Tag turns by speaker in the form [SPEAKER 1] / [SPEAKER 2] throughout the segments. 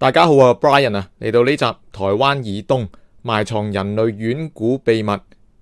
[SPEAKER 1] 大家好啊，Brian 啊，嚟到呢集台灣以東埋藏人類遠古秘密，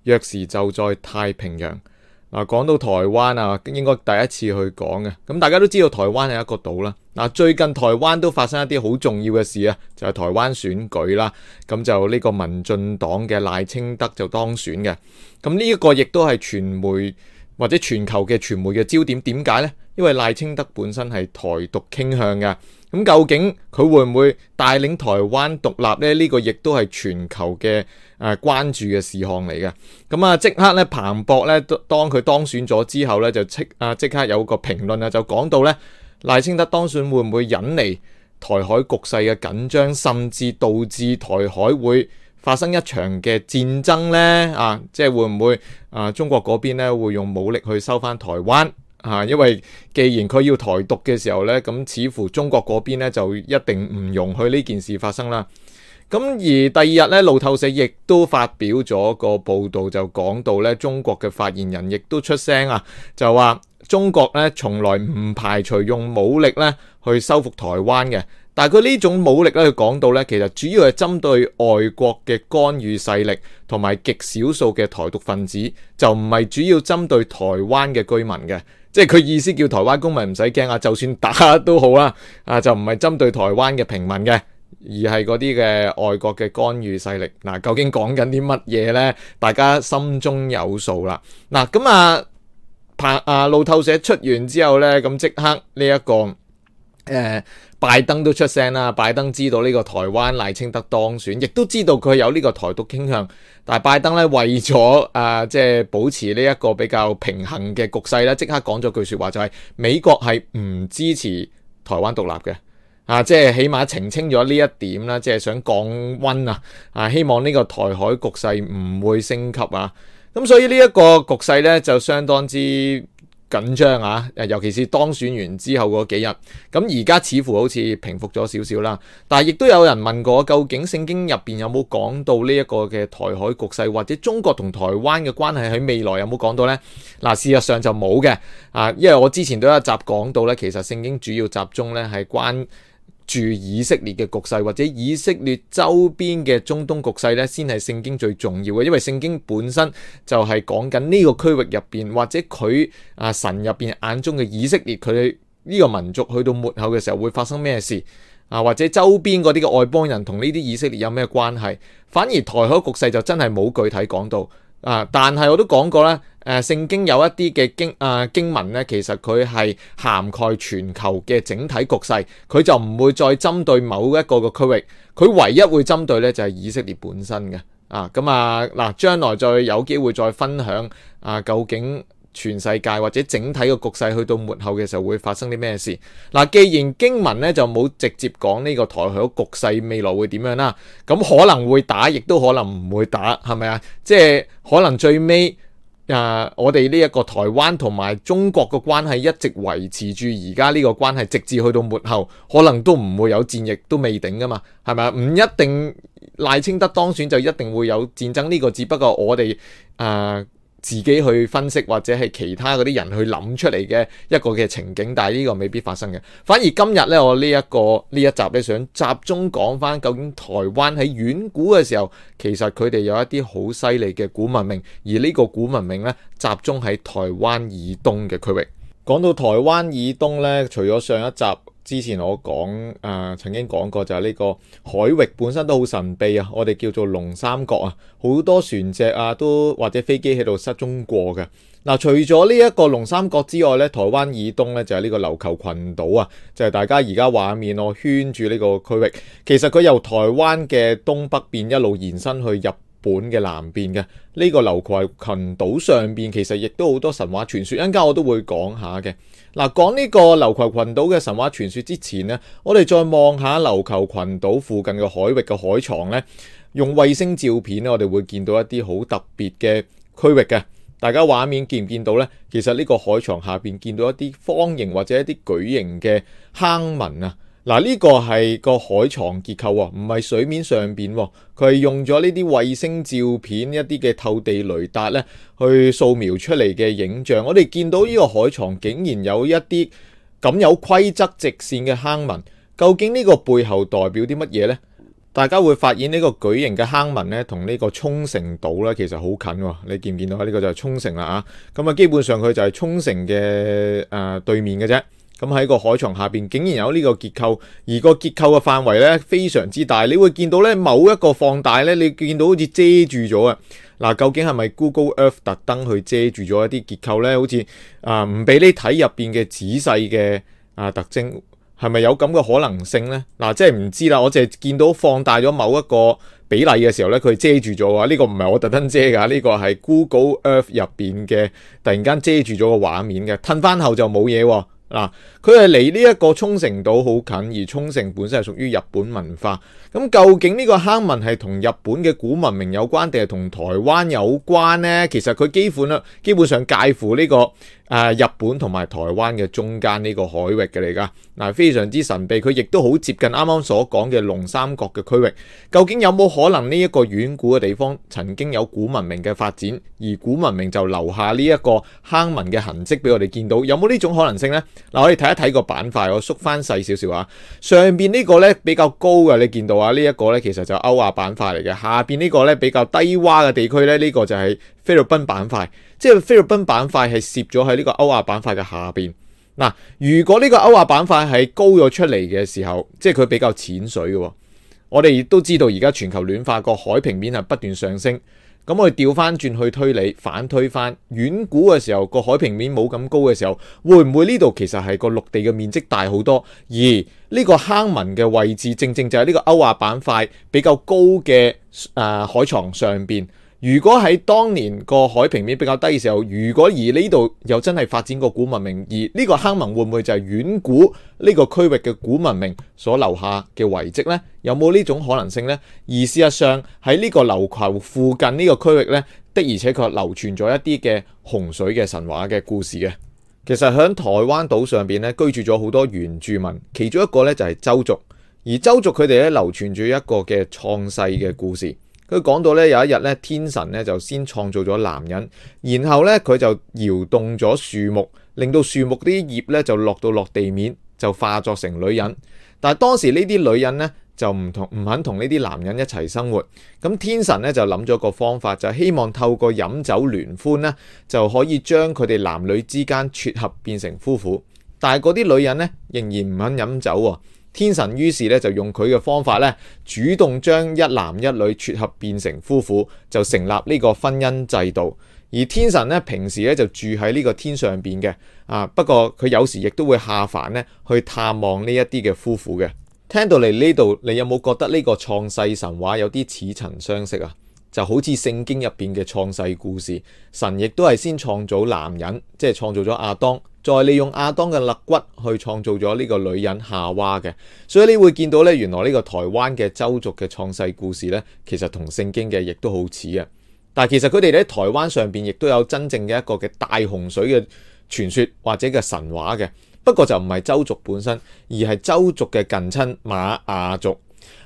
[SPEAKER 1] 若是就在太平洋。嗱，講到台灣啊，應該第一次去講嘅。咁大家都知道台灣係一個島啦。嗱，最近台灣都發生一啲好重要嘅事啊，就係、是、台灣選舉啦。咁就呢個民進黨嘅賴清德就當選嘅。咁呢一個亦都係傳媒或者全球嘅傳媒嘅焦點。點解呢？因為賴清德本身係台獨傾向嘅。咁究竟佢會唔會帶領台灣獨立咧？呢、這個亦都係全球嘅誒、呃、關注嘅事項嚟嘅。咁啊，即刻咧，彭博咧，當佢當選咗之後咧，就即啊即刻有個評論啊，就講到咧，賴清德當選會唔會引嚟台海局勢嘅緊張，甚至導致台海會發生一場嘅戰爭咧？啊，即係會唔會啊？中國嗰邊咧會用武力去收返台灣？啊，因為既然佢要台獨嘅時候咧，咁似乎中國嗰邊咧就一定唔容許呢件事發生啦。咁而第二日咧，路透社亦都發表咗個報道就，就講到咧，中國嘅發言人亦都出聲啊，就話中國咧從來唔排除用武力咧去收復台灣嘅。但係佢呢種武力咧，佢講到咧其實主要係針對外國嘅干預勢力同埋極少數嘅台獨分子，就唔係主要針對台灣嘅居民嘅。即係佢意思叫台灣公民唔使驚啊，就算打都好啦，啊就唔係針對台灣嘅平民嘅，而係嗰啲嘅外國嘅干預勢力。嗱、啊，究竟講緊啲乜嘢呢？大家心中有數啦。嗱，咁啊，彭啊，啊路透社出完之後呢，咁即刻呢、這、一個誒。呃拜登都出聲啦，拜登知道呢個台灣賴清德當選，亦都知道佢有呢個台獨傾向，但係拜登咧為咗誒即係保持呢一個比較平衡嘅局勢咧，即刻講咗句說話就係美國係唔支持台灣獨立嘅，啊即係起碼澄清咗呢一點啦，即係想降溫啊，啊希望呢個台海局勢唔會升級啊，咁所以呢一個局勢咧就相當之。緊張啊！尤其是當選完之後嗰幾日，咁而家似乎好似平復咗少少啦。但係亦都有人問過，究竟聖經入邊有冇講到呢一個嘅台海局勢，或者中國同台灣嘅關係喺未來有冇講到呢？嗱，事實上就冇嘅啊，因為我之前都有一集講到呢。其實聖經主要集中呢係關。住以色列嘅局勢，或者以色列周邊嘅中東局勢咧，先係聖經最重要嘅，因為聖經本身就係講緊呢個區域入邊，或者佢啊神入邊眼中嘅以色列，佢呢個民族去到末後嘅時候會發生咩事啊？或者周邊嗰啲嘅外邦人同呢啲以色列有咩關係？反而台海局勢就真係冇具體講到。啊！但係我都講過啦，誒、啊、聖經有一啲嘅經啊經文咧，其實佢係涵蓋全球嘅整體局勢，佢就唔會再針對某一個嘅區域，佢唯一會針對咧就係、是、以色列本身嘅啊！咁啊嗱，將、啊、來再有機會再分享啊，究竟。全世界或者整體嘅局勢去到末後嘅時候會發生啲咩事？嗱，既然經文呢就冇直接講呢個台海局勢未來會點樣啦，咁可能會打，亦都可能唔會打，係咪啊？即係可能最尾啊、呃，我哋呢一個台灣同埋中國嘅關係一直維持住而家呢個關係，直至去到末後，可能都唔會有戰役，都未定噶嘛，係咪啊？唔一定賴清德當選就一定會有戰爭呢、呢個，只不過我哋啊。呃自己去分析或者係其他嗰啲人去諗出嚟嘅一個嘅情景，但係呢個未必發生嘅。反而今日呢，我呢一個呢一集呢，想集中講返究竟台灣喺遠古嘅時候，其實佢哋有一啲好犀利嘅古文明，而呢個古文明呢，集中喺台灣以東嘅區域。講到台灣以東呢，除咗上一集。之前我講誒、呃、曾經講過就係呢個海域本身都好神秘啊，我哋叫做龍三角啊，好多船隻啊都或者飛機喺度失蹤過嘅。嗱、啊，除咗呢一個龍三角之外呢，台灣以東呢就係、是、呢個琉球群島啊，就係、是、大家而家畫面我圈住呢個區域。其實佢由台灣嘅東北邊一路延伸去日本。本嘅南邊嘅呢個琉球群島上邊，其實亦都好多神話傳說，一陣間我都會講下嘅。嗱，講呢個琉球群島嘅神話傳說之前呢，我哋再望下琉球群島附近嘅海域嘅海床呢，用衛星照片呢，我哋會見到一啲好特別嘅區域嘅。大家畫面見唔見到呢？其實呢個海床下邊見到一啲方形或者一啲矩形嘅坑紋啊。嗱，呢個係個海床結構喎、哦，唔係水面上邊喎、哦，佢係用咗呢啲衛星照片一啲嘅透地雷達咧，去掃描出嚟嘅影像。我哋見到呢個海床竟然有一啲咁有規則直線嘅坑紋，究竟呢個背後代表啲乜嘢呢？大家會發現個舉呢個矩形嘅坑紋咧，同呢個沖繩島咧其實好近喎、哦。你見唔見到、這個、啊？呢個就係沖繩啦啊，咁啊基本上佢就係沖繩嘅啊對面嘅啫。咁喺個海床下邊，竟然有呢個結構，而個結構嘅範圍咧非常之大。你會見到咧某一個放大咧，你見到好似遮住咗啊！嗱，究竟係咪 Google Earth 特登去遮住咗一啲結構咧？好似、呃、啊，唔俾你睇入邊嘅仔細嘅啊特徵，係咪有咁嘅可能性咧？嗱、啊，即係唔知啦。我淨係見到放大咗某一個比例嘅時候咧，佢遮住咗啊。呢、呢個唔係我特登遮噶，呢、呢個係 Google Earth 入邊嘅突然間遮住咗個畫面嘅。褪翻後就冇嘢。嗱，佢係離呢一個沖繩島好近，而沖繩本身係屬於日本文化。咁究竟呢個坑紋係同日本嘅古文明有關，定係同台灣有關呢？其實佢幾乎咧，基本上介乎呢、這個誒、啊、日本同埋台灣嘅中間呢個海域嘅嚟㗎。嗱、啊，非常之神秘，佢亦都好接近啱啱所講嘅龍三角嘅區域。究竟有冇可能呢一個遠古嘅地方曾經有古文明嘅發展，而古文明就留下呢一個坑紋嘅痕跡俾我哋見到？有冇呢種可能性呢？嗱、啊，我哋睇一睇個板塊，我縮翻細少少啊。上邊呢個呢比較高嘅，你見到啊？呢一個呢其實就歐亞板塊嚟嘅。下邊呢個呢比較低洼嘅地區呢，呢、這個就係菲律賓板塊，即係菲律賓板塊係攝咗喺呢個歐亞板塊嘅下邊。嗱、啊，如果呢個歐亞板塊係高咗出嚟嘅時候，即係佢比較淺水嘅。我哋亦都知道而家全球暖化個海平面係不斷上升。咁我哋調翻轉去推理，反推翻遠古嘅時候，個海平面冇咁高嘅時候，會唔會呢度其實係個陸地嘅面積大好多？而呢個坑紋嘅位置，正正就喺呢個歐亞板塊比較高嘅誒、呃、海床上面。如果喺當年個海平面比較低嘅時候，如果而呢度又真係發展過古文明，而呢個坑文會唔會就係遠古呢個區域嘅古文明所留下嘅遺跡呢？有冇呢種可能性呢？而事實上喺呢個琉球附近呢個區域呢，的而且確流傳咗一啲嘅洪水嘅神話嘅故事嘅。其實喺台灣島上邊咧居住咗好多原住民，其中一個咧就係周族，而周族佢哋咧流傳住一個嘅創世嘅故事。佢講到咧，有一日咧，天神咧就先創造咗男人，然後咧佢就搖動咗樹木，令到樹木啲葉咧就落到落地面，就化作成女人。但係當時呢啲女人咧就唔同，唔肯同呢啲男人一齊生活。咁天神咧就諗咗個方法，就係，希望透過飲酒聯歡啦，就可以將佢哋男女之間撮合變成夫婦。但係嗰啲女人咧仍然唔肯飲酒喎。天神於是咧就用佢嘅方法咧，主動將一男一女撮合變成夫婦，就成立呢個婚姻制度。而天神咧平時咧就住喺呢個天上邊嘅。啊，不過佢有時亦都會下凡咧去探望呢一啲嘅夫婦嘅。聽到嚟呢度，你有冇覺得呢個創世神話有啲似曾相識啊？就好似聖經入邊嘅創世故事，神亦都係先創造男人，即係創造咗亞當。再利用亞當嘅肋骨去創造咗呢個女人夏娃嘅，所以你會見到呢，原來呢個台灣嘅周族嘅創世故事呢，其實同聖經嘅亦都好似啊。但係其實佢哋喺台灣上邊亦都有真正嘅一個嘅大洪水嘅傳說或者嘅神話嘅，不過就唔係周族本身，而係周族嘅近親馬雅族。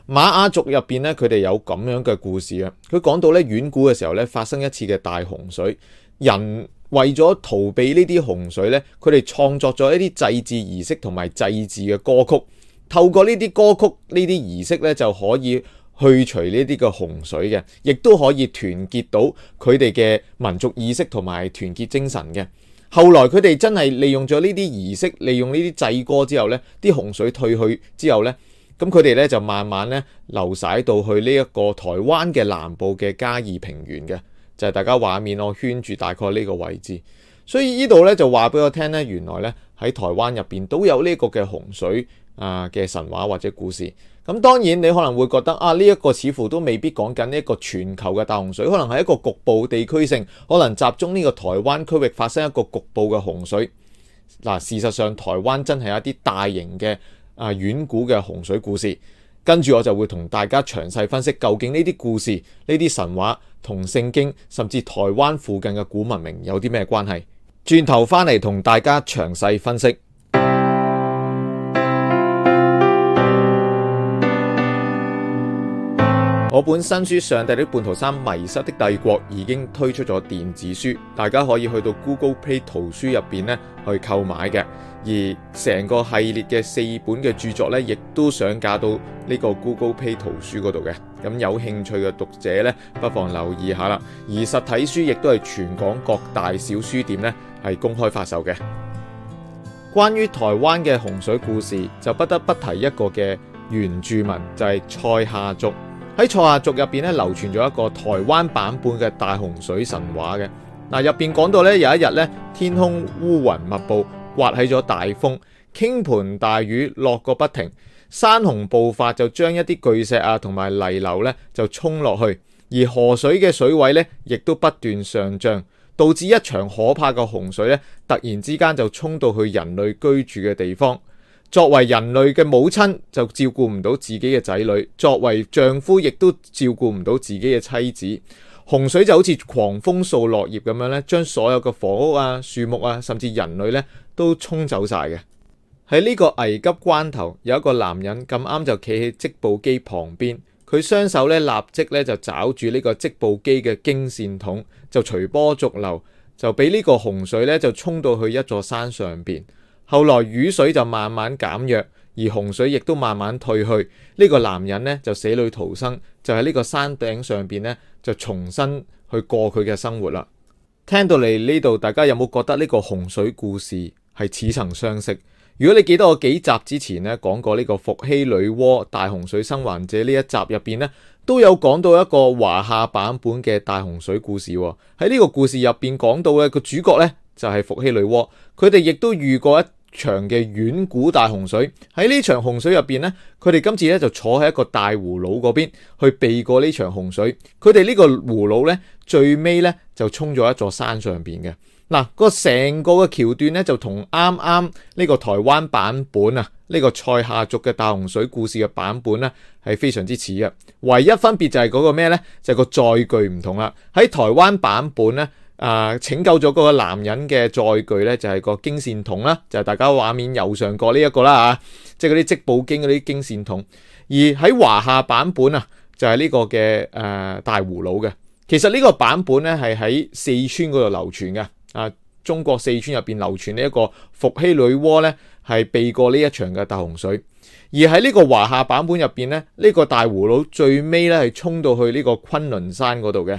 [SPEAKER 1] 馬雅族入邊呢，佢哋有咁樣嘅故事啊。佢講到呢，遠古嘅時候呢，發生一次嘅大洪水，人。為咗逃避呢啲洪水呢，佢哋創作咗一啲祭祀儀式同埋祭祀嘅歌曲。透過呢啲歌曲，呢啲儀式呢，就可以去除呢啲嘅洪水嘅，亦都可以團結到佢哋嘅民族意識同埋團結精神嘅。後來佢哋真係利用咗呢啲儀式，利用呢啲祭歌之後呢，啲洪水退去之後呢，咁佢哋呢就慢慢呢流曬到去呢一個台灣嘅南部嘅嘉義平原嘅。就係大家畫面我圈住大概呢個位置，所以呢度呢，就話俾我聽呢，原來呢，喺台灣入邊都有呢個嘅洪水啊嘅、呃、神話或者故事。咁當然你可能會覺得啊，呢、這、一個似乎都未必講緊呢一個全球嘅大洪水，可能係一個局部地區性，可能集中呢個台灣區域發生一個局部嘅洪水。嗱、呃，事實上台灣真係一啲大型嘅啊、呃、遠古嘅洪水故事。跟住我就會同大家詳細分析，究竟呢啲故事、呢啲神話、同聖經，甚至台灣附近嘅古文明有啲咩關係？轉頭返嚟同大家詳細分析。我本新書《上帝的叛徒 III: 迷失的帝國》已經推出咗電子書，大家可以去到 Google Play 圖書入邊咧去購買嘅。而成個系列嘅四本嘅著作呢，亦都上架到呢個 Google Play 圖書嗰度嘅。咁有興趣嘅讀者呢，不妨留意下啦。而實體書亦都係全港各大小書店呢係公開發售嘅。關於台灣嘅洪水故事，就不得不提一個嘅原住民就係、是、賽夏族。喺《賽夏族》入邊咧，流傳咗一個台灣版本嘅大洪水神話嘅。嗱，入邊講到咧，有一日咧，天空烏雲密布，刮起咗大風，傾盆大雨落個不停，山洪暴發就將一啲巨石啊同埋泥流咧就沖落去，而河水嘅水位咧亦都不斷上漲，導致一場可怕嘅洪水咧，突然之間就沖到去人類居住嘅地方。作為人類嘅母親就照顧唔到自己嘅仔女，作為丈夫亦都照顧唔到自己嘅妻子。洪水就好似狂風掃落葉咁樣咧，將所有嘅房屋啊、樹木啊，甚至人類咧都沖走晒嘅。喺呢個危急關頭，有一個男人咁啱就企喺織布機旁邊，佢雙手咧立即咧就抓住呢個織布機嘅經線筒，就隨波逐流，就俾呢個洪水咧就沖到去一座山上邊。後來雨水就慢慢減弱，而洪水亦都慢慢退去。呢個男人呢就死裏逃生，就喺呢個山頂上邊呢就重新去過佢嘅生活啦。聽到嚟呢度，大家有冇覺得呢個洪水故事係似曾相識？如果你記得我幾集之前呢講過呢個伏羲女媧大洪水生還者呢一集入邊呢都有講到一個華夏版本嘅大洪水故事喎。喺呢個故事入邊講到嘅個主角呢就係伏羲女媧，佢哋亦都遇過一。長嘅遠古大洪水，喺呢場洪水入邊咧，佢哋今次咧就坐喺一個大葫蘆嗰邊去避過呢場洪水。佢哋呢個葫蘆呢，最尾呢就衝咗一座山上邊嘅嗱，嗰個成個嘅橋段呢，就同啱啱呢個台灣版本啊呢個賽夏族嘅大洪水故事嘅版本咧係非常之似嘅，唯一分別就係嗰個咩呢？就係個載具唔同啦。喺台灣版本呢。啊！拯救咗嗰個男人嘅載具呢，就係、是、個經線筒啦，就係、是、大家畫面右上角呢、這、一個啦嚇、啊，即係嗰啲織布經嗰啲經線筒。而喺華夏版本、就是這個、啊，就係呢個嘅誒大葫蘆嘅。其實呢個版本呢，係喺四川嗰度流傳嘅啊，中國四川入邊流傳呢一個伏羲女媧呢，係避過呢一場嘅大洪水。而喺呢個華夏版本入邊呢，呢、這個大葫蘆最尾呢，係衝到去呢個昆崙山嗰度嘅。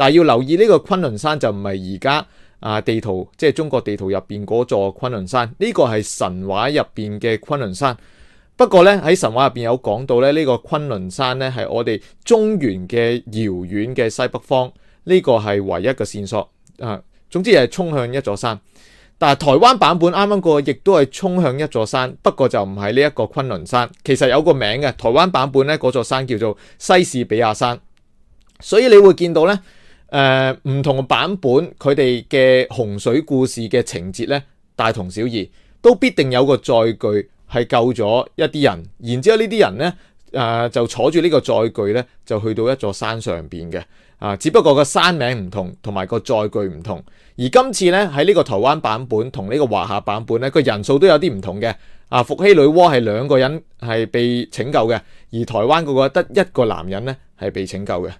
[SPEAKER 1] 但要留意呢個昆崙山就唔係而家啊，地圖即係中國地圖入邊嗰座昆崙山，呢個係神話入邊嘅昆崙山。不過呢，喺神話入邊有講到咧，呢個昆崙山呢，係我哋中原嘅遙遠嘅西北方，呢個係唯一嘅線索啊。總之係衝向一座山。但係台灣版本啱啱過，亦都係衝向一座山，不過就唔係呢一個昆崙山。其實有個名嘅台灣版本呢，嗰座山叫做西士比亞山，所以你會見到呢。誒，唔同嘅版本，佢哋嘅洪水故事嘅情節咧，大同小異，都必定有個載具係救咗一啲人，然之後呢啲人呢，誒，就坐住呢個載具呢，就去到一座山上邊嘅，啊，只不過個山名唔同，同埋個載具唔同。而今次呢，喺呢個台灣版本同呢個華夏版本呢，個人數都有啲唔同嘅，啊，伏羲女媧係兩個人係被拯救嘅，而台灣嗰個得一個男人呢，係被拯救嘅。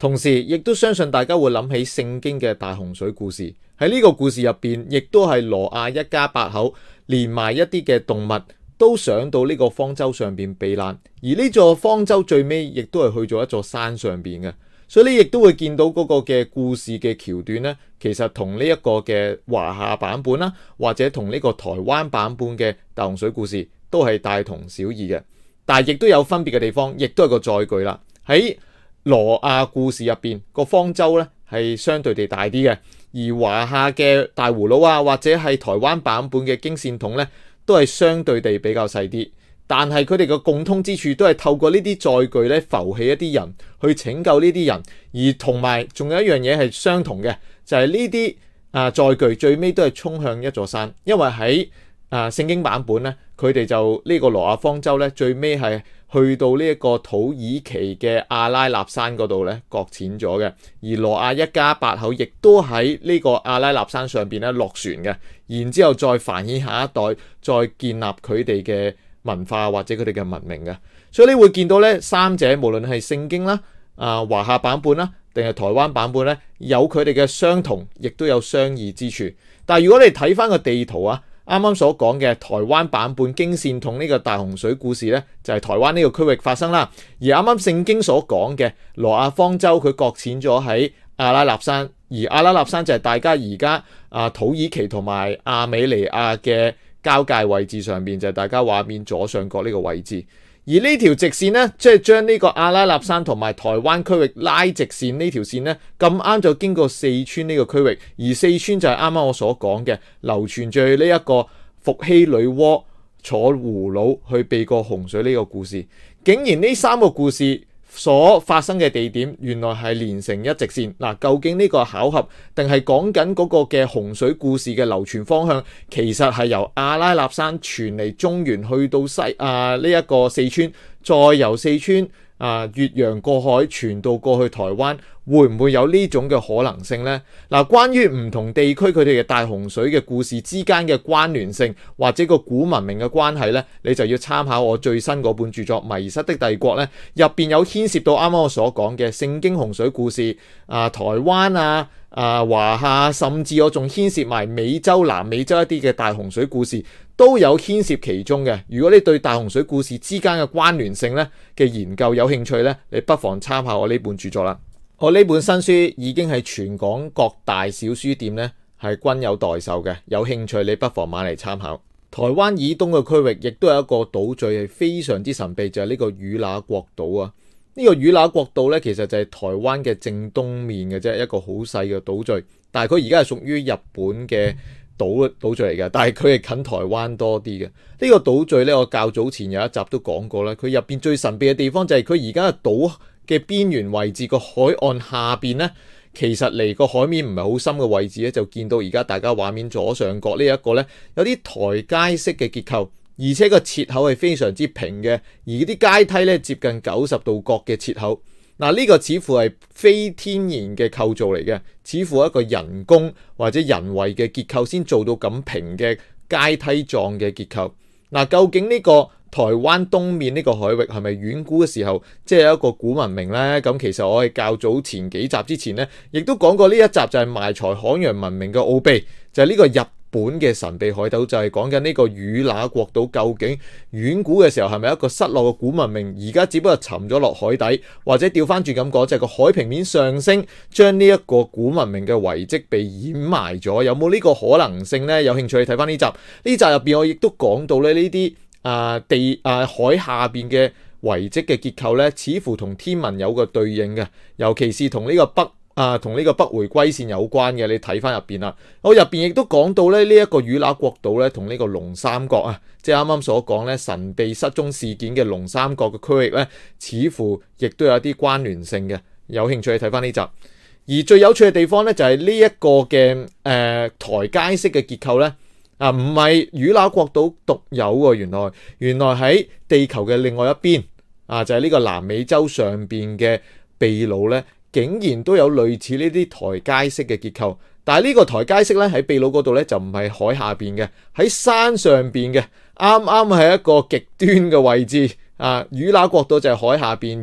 [SPEAKER 1] 同時，亦都相信大家會諗起聖經嘅大洪水故事。喺呢個故事入邊，亦都係羅亞一家八口，連埋一啲嘅動物，都上到呢個方舟上邊避難。而呢座方舟最尾，亦都係去咗一座山上邊嘅。所以，你亦都會見到嗰個嘅故事嘅橋段呢，其實同呢一個嘅華夏版本啦，或者同呢個台灣版本嘅大洪水故事，都係大同小異嘅。但係，亦都有分別嘅地方，亦都係個載具啦。喺羅亞故事入面個方舟咧係相對地大啲嘅，而華夏嘅大葫蘆啊或者係台灣版本嘅經線筒咧都係相對地比較細啲，但係佢哋個共通之處都係透過呢啲載具咧浮起一啲人去拯救呢啲人，而同埋仲有一樣嘢係相同嘅，就係呢啲啊載具最尾都係衝向一座山，因為喺啊聖經版本咧佢哋就呢、這個羅亞方舟咧最尾係去到呢一個土耳其嘅阿拉納山嗰度呢，擱淺咗嘅。而羅亞一家八口亦都喺呢個阿拉納山上邊咧落船嘅。然之後再繁衍下一代，再建立佢哋嘅文化或者佢哋嘅文明嘅。所以你會見到呢三者無論係聖經啦、啊華夏版本啦，定係台灣版本呢，有佢哋嘅相同，亦都有相異之處。但係如果你睇翻個地圖啊～啱啱所講嘅台灣版本經線同呢個大洪水故事呢，就係、是、台灣呢個區域發生啦。而啱啱聖經所講嘅挪亞方舟，佢擱淺咗喺阿拉納山，而阿拉納山就係大家而家啊土耳其同埋亞美尼亞嘅交界位置上面，就係、是、大家畫面左上角呢個位置。而呢條直線呢，即係將呢個阿拉納山同埋台灣區域拉直線呢條線呢，咁啱就經過四川呢個區域，而四川就係啱啱我所講嘅流傳著呢一個伏羲女媧坐葫蘆去避過洪水呢個故事，竟然呢三個故事，所發生嘅地點原來係連成一直線，嗱、啊、究竟呢個巧合定係講緊嗰個嘅洪水故事嘅流傳方向，其實係由阿拉臘山傳嚟中原，去到西啊呢一、這個四川，再由四川。啊！越洋過海傳到過去台灣，會唔會有呢種嘅可能性呢？嗱、啊，關於唔同地區佢哋嘅大洪水嘅故事之間嘅關聯性，或者個古文明嘅關係呢，你就要參考我最新嗰本著作《迷失的帝國》呢，入邊有牽涉到啱啱我所講嘅聖經洪水故事啊，台灣啊啊華夏，甚至我仲牽涉埋美洲、南美洲一啲嘅大洪水故事。都有牽涉其中嘅。如果你對大洪水故事之間嘅關聯性咧嘅研究有興趣呢，你不妨參考我呢本著作啦。我呢本新書已經係全港各大小書店呢係均有代售嘅。有興趣你不妨買嚟參考。台灣以東嘅區域亦都有一個島嶼係非常之神秘，就係、是、呢個與那國島啊。呢、這個與那國島呢，其實就係台灣嘅正東面嘅啫，一個好細嘅島嶼。但係佢而家係屬於日本嘅。島島嶼嚟嘅，但係佢係近台灣多啲嘅。呢個島嶼呢，我較早前有一集都講過啦，佢入邊最神秘嘅地方就係佢而家島嘅邊緣位置個海岸下邊呢，其實嚟個海面唔係好深嘅位置咧，就見到而家大家畫面左上角呢一個呢，有啲台階式嘅結構，而且個切口係非常之平嘅，而啲階梯呢，接近九十度角嘅切口。嗱，呢個似乎係非天然嘅構造嚟嘅，似乎係一個人工或者人為嘅結構先做到咁平嘅階梯狀嘅結構。嗱、嗯，究竟呢個台灣東面呢個海域係咪遠古嘅時候即係一個古文明呢？咁、嗯、其實我哋較早前幾集之前呢，亦都講過呢一集就係埋藏海洋文明嘅奧秘，就係、是、呢個入本嘅神秘海島就係講緊呢個與那國島，究竟遠古嘅時候係咪一個失落嘅古文明？而家只不過沉咗落海底，或者調翻轉咁講，就係個海平面上升，將呢一個古文明嘅遺跡被掩埋咗，有冇呢個可能性呢？有興趣你睇翻呢集，呢集入邊我亦都講到咧，呢啲啊地啊海下邊嘅遺跡嘅結構呢，似乎同天文有個對應嘅，尤其是同呢個北。啊，同呢個北迴歸線有關嘅，你睇翻入邊啦。我入邊亦都講到咧，呢、這、一個雨乸國島與那國島咧，同呢個龍三角啊，即係啱啱所講咧神秘失蹤事件嘅龍三角嘅區域咧，似乎亦都有啲關聯性嘅。有興趣睇翻呢集，而最有趣嘅地方咧，就係呢一個嘅誒、呃、台階式嘅結構咧，啊，唔係與那國島獨有喎，原來原來喺地球嘅另外一邊啊，就係、是、呢個南美洲上邊嘅秘魯咧。竟然都有類似呢啲台階式嘅結構，但係呢個台階式咧喺秘魯嗰度咧就唔係海下邊嘅，喺山上邊嘅，啱啱係一個極端嘅位置啊！與那國島就係海下邊，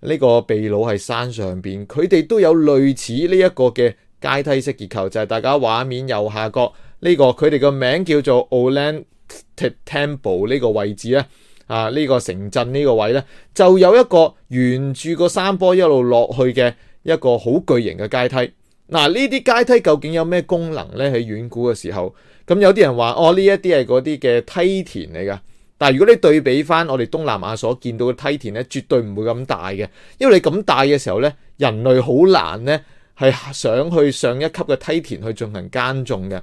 [SPEAKER 1] 而呢個秘魯係山上邊，佢哋都有類似呢一個嘅階梯式結構，就係大家畫面右下角呢個，佢哋個名叫做 Ollantaytambo 呢個位置咧。啊！呢、這個城鎮呢個位呢，就有一個沿住個山坡一路落去嘅一個好巨型嘅階梯。嗱、啊，呢啲階梯究竟有咩功能呢？喺遠古嘅時候，咁有啲人話：哦，呢一啲係嗰啲嘅梯田嚟㗎。但係如果你對比返我哋東南亞所見到嘅梯田呢，絕對唔會咁大嘅，因為你咁大嘅時候呢，人類好難呢，係想去上一級嘅梯田去進行耕種嘅。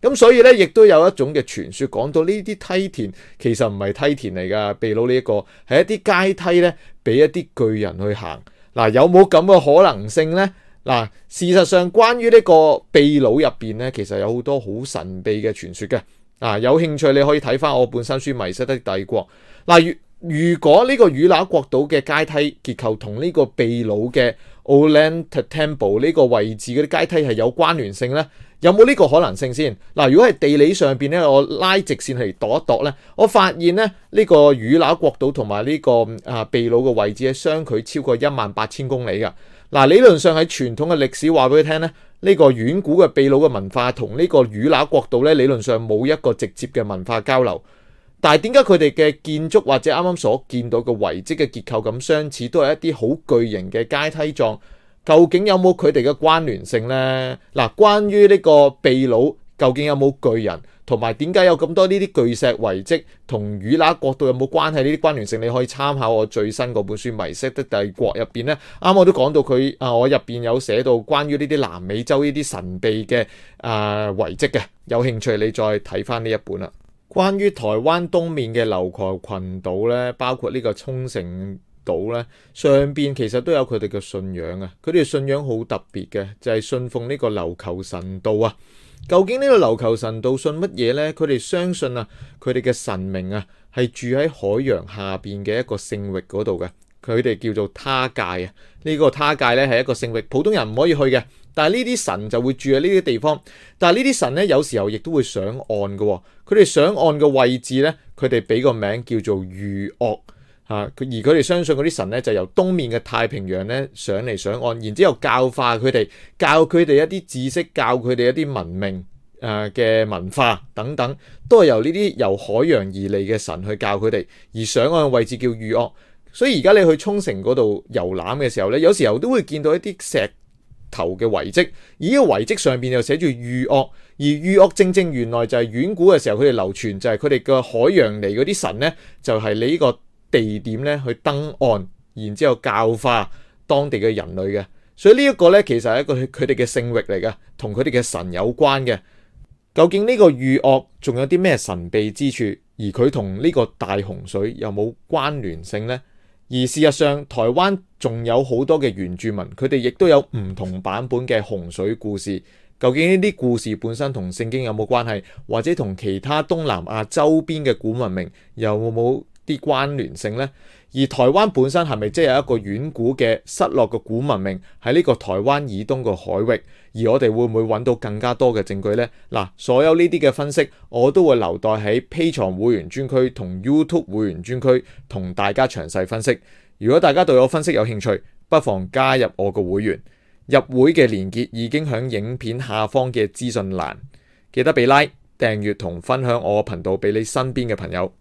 [SPEAKER 1] 咁所以咧，亦都有一種嘅傳說講到呢啲梯田其實唔係梯田嚟噶，秘魯、這個、一呢一個係一啲階梯咧，俾一啲巨人去行。嗱，有冇咁嘅可能性呢？嗱，事實上，關於呢個秘魯入邊咧，其實有好多好神秘嘅傳說嘅。嗱，有興趣你可以睇翻我本身書《迷失的帝國》。嗱，如如果呢個與那國島嘅階梯結構同呢個秘魯嘅 Ollantaytambo 呢個位置嗰啲階梯係有關聯性呢。有冇呢個可能性先？嗱，如果係地理上邊咧，我拉直線嚟度一度咧，我發現咧呢、這個與那國島同埋呢個啊秘魯嘅位置係相距超過一萬八千公里㗎。嗱、啊，理論上喺傳統嘅歷史話俾佢聽咧，呢、這個遠古嘅秘魯嘅文化同呢個與那國島咧，理論上冇一個直接嘅文化交流。但係點解佢哋嘅建築或者啱啱所見到嘅遺跡嘅結構咁相似，都係一啲好巨型嘅階梯狀？究竟有冇佢哋嘅關聯性呢？嗱，關於呢個秘魯，究竟有冇巨人，同埋點解有咁多呢啲巨石遺跡同與哪國度有冇關係？呢啲關聯性，你可以參考我最新嗰本書《迷失的帝國》入邊呢，啱我都講到佢啊，我入邊有寫到關於呢啲南美洲呢啲神秘嘅啊、呃、遺跡嘅，有興趣你再睇翻呢一本啦。關於台灣東面嘅琉球群島呢，包括呢個沖繩。到咧上邊其實都有佢哋嘅信仰啊，佢哋信仰好特別嘅，就係、是、信奉呢個琉球神道啊。究竟呢個琉球神道信乜嘢呢？佢哋相信啊，佢哋嘅神明啊係住喺海洋下邊嘅一個聖域嗰度嘅，佢哋叫做他界啊。呢、這個他界呢係一個聖域，普通人唔可以去嘅，但係呢啲神就會住喺呢啲地方。但係呢啲神呢，有時候亦都會上岸嘅，佢哋上岸嘅位置呢，佢哋俾個名叫做御嶽。啊！而佢哋相信嗰啲神呢，就由東面嘅太平洋呢上嚟上岸，然之後教化佢哋，教佢哋一啲知識，教佢哋一啲文明誒嘅文化等等，都係由呢啲由海洋而嚟嘅神去教佢哋。而上岸嘅位置叫御嶽，所以而家你去沖繩嗰度遊覽嘅時候呢，有時候都會見到一啲石頭嘅遺跡，而呢個遺跡上邊又寫住御嶽，而御嶽正正原來就係遠古嘅時候佢哋流傳，就係佢哋嘅海洋嚟嗰啲神呢，就係你呢個地點咧去登岸，然之後教化當地嘅人類嘅，所以呢一個咧其實係一個佢哋嘅聖域嚟嘅，同佢哋嘅神有關嘅。究竟呢個御嶽仲有啲咩神秘之處，而佢同呢個大洪水有冇關聯性呢？而事實上，台灣仲有好多嘅原住民，佢哋亦都有唔同版本嘅洪水故事。究竟呢啲故事本身同聖經有冇關係，或者同其他東南亞周邊嘅古文明有冇啲關聯性呢，而台灣本身係咪即係有一個遠古嘅失落嘅古文明喺呢個台灣以東嘅海域？而我哋會唔會揾到更加多嘅證據呢？嗱，所有呢啲嘅分析，我都會留待喺 Patreon 會員專區同 YouTube 會員專區同大家詳細分析。如果大家對我分析有興趣，不妨加入我個會員。入會嘅連結已經響影片下方嘅資訊欄，記得俾拉、like，訂閱同分享我嘅頻道俾你身邊嘅朋友。